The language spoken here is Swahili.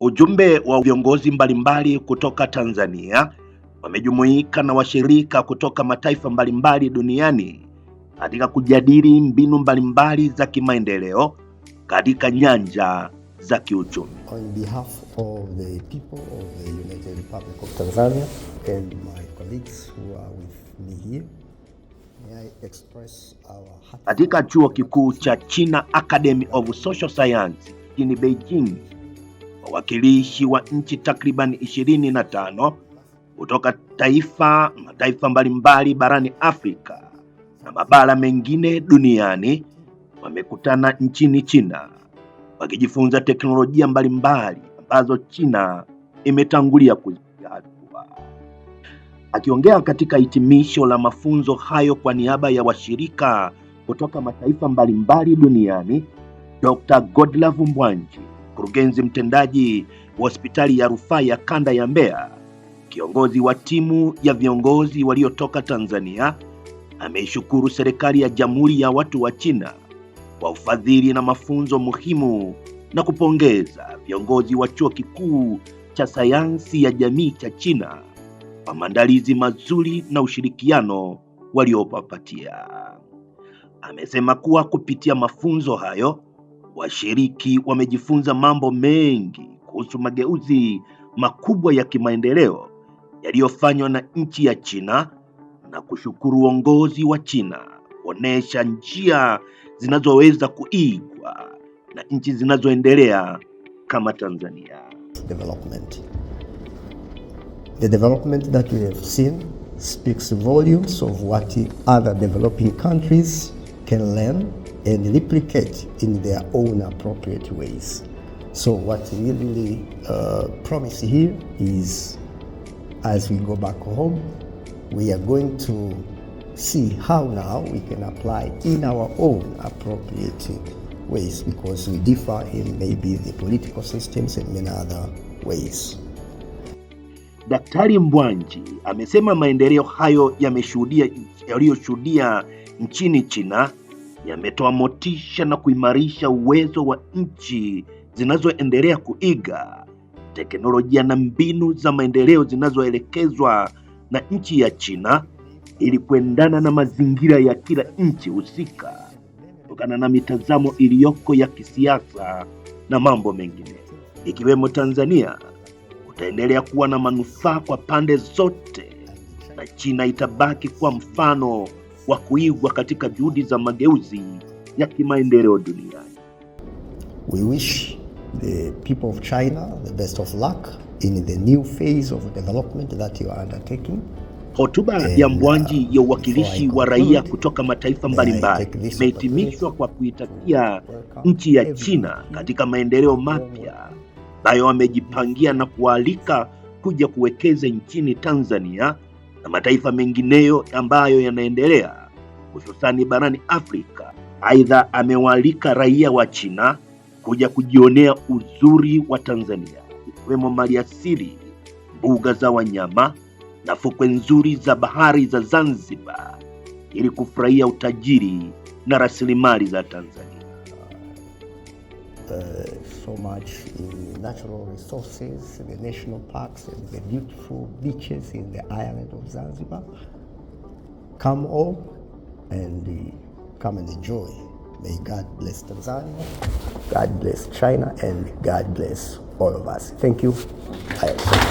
Ujumbe wa viongozi mbalimbali kutoka Tanzania wamejumuika na washirika kutoka mataifa mbalimbali duniani katika kujadili mbinu mbalimbali za kimaendeleo katika nyanja za kiuchumi. On behalf of the people of the United Republic of Tanzania and my colleagues who are with me here, I express our... Katika chuo kikuu cha China Academy of Social Science jijini Beijing wawakilishi wa nchi takriban 25 kutoka taifa mataifa mbalimbali barani Afrika na mabara mengine duniani wamekutana nchini China wakijifunza teknolojia mbalimbali ambazo China imetangulia kuzipiga hatua. Akiongea katika hitimisho la mafunzo hayo kwa niaba ya washirika kutoka mataifa mbalimbali duniani, Dr. Godlove Mbwanji mkurugenzi mtendaji wa hospitali ya rufaa ya kanda ya Mbeya, kiongozi wa timu ya viongozi waliotoka Tanzania, ameishukuru serikali ya Jamhuri ya Watu wa China kwa ufadhili na mafunzo muhimu na kupongeza viongozi wa Chuo Kikuu cha Sayansi ya Jamii cha China kwa maandalizi mazuri na ushirikiano waliopapatia. Amesema kuwa kupitia mafunzo hayo washiriki wamejifunza mambo mengi kuhusu mageuzi makubwa ya kimaendeleo yaliyofanywa na nchi ya China na kushukuru uongozi wa China kuonesha njia zinazoweza kuigwa na nchi zinazoendelea kama Tanzania. Development. The development that we have seen speaks volumes of what other developing countries can learn and replicate in their own appropriate ways. So, what we really uh, promise here is as we go back home, we are going to see how now we can apply in our own appropriate ways because we differ in maybe the political systems and many other ways. Daktari Mbwanji amesema maendeleo hayo yameshuhudia yaliyoshuhudia nchini China yametoa motisha na kuimarisha uwezo wa nchi zinazoendelea kuiga teknolojia na mbinu za maendeleo zinazoelekezwa na nchi ya China ili kuendana na mazingira ya kila nchi husika kutokana na mitazamo iliyoko ya kisiasa na mambo mengine ikiwemo Tanzania utaendelea kuwa na manufaa kwa pande zote na China itabaki kwa mfano wa kuigwa katika juhudi za mageuzi ya kimaendeleo duniani. We wish the people of China the best of luck in the new phase of development that you are undertaking. Hotuba ya uh, Mbwanji ya uwakilishi wa raia kutoka mataifa mbalimbali imehitimishwa kwa kuitakia nchi ya China katika maendeleo mapya ambayo wamejipangia na kualika kuja kuwekeza nchini Tanzania na mataifa mengineyo ambayo yanaendelea hususani barani Afrika. Aidha, amewaalika raia wa China kuja kujionea uzuri wa Tanzania, ikiwemo maliasili, mbuga za wanyama na fukwe nzuri za bahari za Zanzibar ili kufurahia utajiri na rasilimali za Tanzania. Uh, so much in natural resources, the national parks, and the beautiful beaches in the island of Zanzibar. Come all and uh, come and enjoy. May God bless Tanzania, God bless China, and God bless all of us. Thank you. Bye.